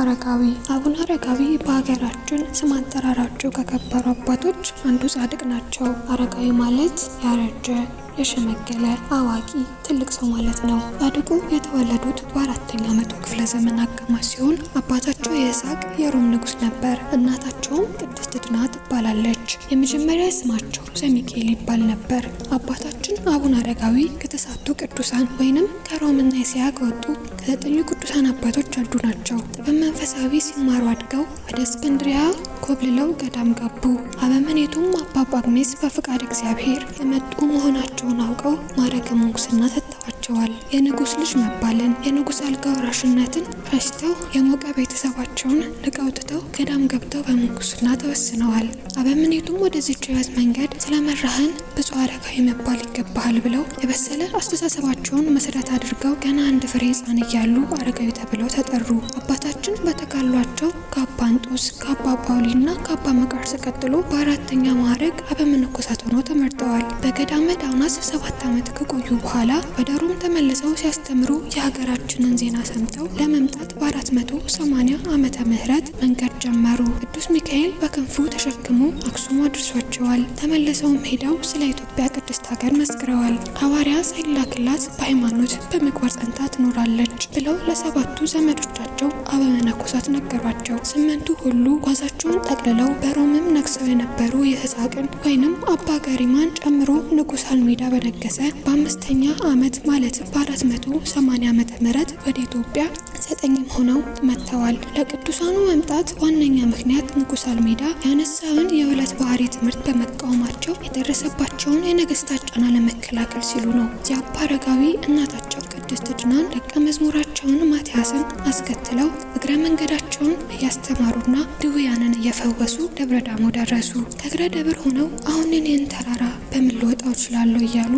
አረጋዊ አቡነ አረጋዊ በሀገራችን ስም አጠራራቸው ከከበሩ አባቶች አንዱ ጻድቅ ናቸው። አረጋዊ ማለት ያረጀ የሸመገለ አዋቂ ትልቅ ሰው ማለት ነው። ጻድቁ የተወለዱት በአራተኛ መቶ ክፍለ ዘመን አጋማሽ ሲሆን አባታቸው የይስሐቅ የሮም ንጉሥ ነበር። እናታቸውም ቅድስት ድና ትባላለች። የመጀመሪያ ስማቸው ዘሚካኤል ይባል ነበር። አባታቸው አቡነ አረጋዊ ከተሳቱ ቅዱሳን ወይንም ከሮምና እስያ ከወጡ ከዘጠኙ ቅዱሳን አባቶች አንዱ ናቸው። በመንፈሳዊ ሲማሩ አድገው ወደ እስክንድሪያ ኮብልለው ገዳም ገቡ። አበመኔቱም አባ ጳጉሜስ በፍቃድ እግዚአብሔር የመጡ መሆናቸውን አውቀው ማዕረገ ምንኩስና ሰጥተዋል። አድርጓቸዋል። የንጉስ ልጅ መባልን፣ የንጉስ አልጋ ወራሽነትን ረስተው የሞቀ ቤተሰባቸውን ንቀው ገዳም ገብተው በምንኩስና ተወስነዋል። አበምኔቱም ወደዚች ሕይወት መንገድ ስለመራህን ብፁዕ አረጋዊ መባል ይገባሃል ብለው የበሰለ አስተሳሰባቸውን መሰረት አድርገው ገና አንድ ፍሬ ሕፃን እያሉ አረጋዊ ተብለው ተጠሩ። አባታችን በተጋሏቸው ከአባ እንጦስ ከአባ እና ከአባ መቃርስ ቀጥሎ በአራተኛ ማዕረግ አበምንኩሳት ሆነው ተመርጠዋል። በገዳመ ዳውናስ ሰባት ዓመት ከቆዩ በኋላ ወደ ሮም ተመልሰው ሲያስተምሩ የሀገራችንን ዜና ሰምተው ለመምጣት በ480 ዓመተ ምህረት መንገድ ጀመሩ። ቅዱስ ሚካኤል በክንፉ ተሸክሞ አክሱም አድርሷቸዋል። ተመልሰውም ሄደው ስለ ኢትዮጵያ ቅድስት ሀገር መስክረዋል። ሐዋርያ ሳይላክላት በሃይማኖት በምግባር ጸንታ ትኖራለች ብለው ለሰባቱ ዘመዶቻቸው እንዳላቸው አበመነኮሳት ነገሯቸው። ስምንቱ ሁሉ ጓዛቸውን ጠቅልለው በሮምም ነግሰው የነበሩ የህሳቅን ወይንም አባ ገሪማን ጨምሮ ንጉሥ አልሜዳ በነገሰ በአምስተኛ ዓመት ማለትም በአራት መቶ ሰማንያ ዓመተ ወደ ኢትዮጵያ ዘጠኝም ሆነው መጥተዋል። ለቅዱሳኑ መምጣት ዋነኛ ምክንያት ንጉስ አልሜዳ ያነሳውን የውለት ባህሪ ትምህርት በመቃወማቸው የደረሰባቸውን የነገስታት ጫና ለመከላከል ሲሉ ነው። የአባ አረጋዊ እናታቸው ቅድስት ድናን ደቀ መዝሙራቸውን ማቲያስን አስከትለው እግረ መንገዳቸውን እያስተማሩና ድውያንን እየፈወሱ ደብረ ዳሞ ደረሱ። ከእግረ ደብር ሆነው አሁንን ይህን ተራራ በምን ልወጣው እችላለሁ እያሉ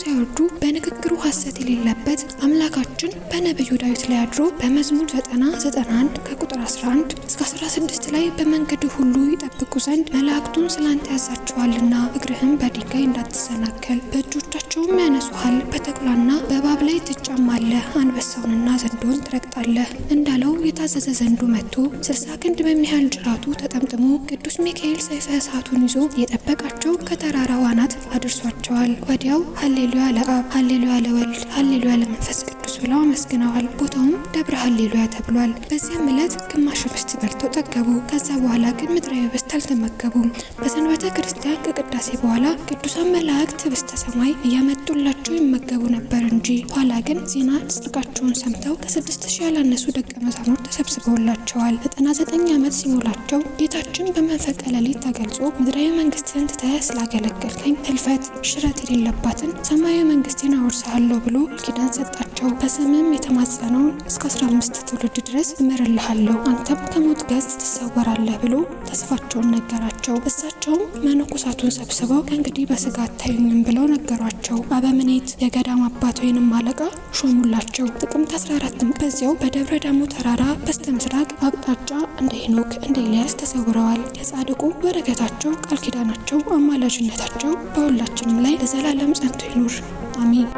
ሲያወርዱ በንግግሩ ሐሰት የሌለበት አምላካችን በነቢዩ ዳዊት ላይ አድሮ በመዝሙር 90 91 ከቁጥር 11 እስከ 16 ላይ በመንገድ ሁሉ ይጠብቁ ዘንድ መላእክቱን ስላንተ ያዛችኋልና እግርህም በድንጋይ እንዳትሰናከል በእጆቻቸውም ያነሱሃል በተኩላና በእባብ ላይ ትጫማለህ አንበሳውንና ዘንዶን ትረግጣለህ እንዳለው የታዘዘ ዘንዱ መጥቶ ስልሳ ክንድ በሚያህል ጅራቱ ተጠምጥሞ ቅዱስ ሚካኤል ሰይፈ እሳቱን ይዞ የጠበቃቸው ከተራራው አናት አድርሷቸዋል። ወዲያው ሀሌ هللويا لأب هللويا لولد هللويا لمنفس ብለው አመስግነዋል። ቦታውም ደብረ ሀሌሉያ ተብሏል። በዚያም ዕለት ግማሽ ህብስት በልተው ጠገቡ። ከዛ በኋላ ግን ምድራዊ ህብስት አልተመገቡም። በሰንበተ ክርስቲያን ከቅዳሴ በኋላ ቅዱሳን መላእክት ህብስተ ሰማይ እያመጡላቸው ይመገቡ ነበር እንጂ። ኋላ ግን ዜና ጽድቃቸውን ሰምተው ከስድስት ሺህ ያላነሱ ደቀ መዛሙርት ተሰብስበውላቸዋል። ዘጠና ዘጠኝ ዓመት ሲሞላቸው ጌታችን በመንፈቀ ሌሊት ተገልጾ ምድራዊ መንግስትን ትተህ ስላገለገልከኝ ህልፈት ሽረት የሌለባትን ሰማያዊ መንግስቴን አወርሳለሁ ብሎ ኪዳን ሰጣቸው። አስምም የተማጸነውን እስከ 15 ትውልድ ድረስ እምርልሃለሁ አንተም ከሞት ገጽ ትሰወራለህ ብሎ ተስፋቸውን ነገራቸው። እሳቸውም መነኮሳቱን ሰብስበው ከእንግዲህ በስጋ አታዩኝም ብለው ነገሯቸው። አበምኔት የገዳም አባት ወይንም አለቃ ሾሙላቸው። ጥቅምት 14 በዚያው በደብረ ዳሞ ተራራ በስተ ምስራቅ አቅጣጫ እንደ ሄኖክ እንደ ኤልያስ ተሰውረዋል። የጻድቁ በረከታቸው፣ ቃል ኪዳናቸው፣ አማላጅነታቸው በሁላችንም ላይ ለዘላለም ጸንቶ ይኑር። አሚን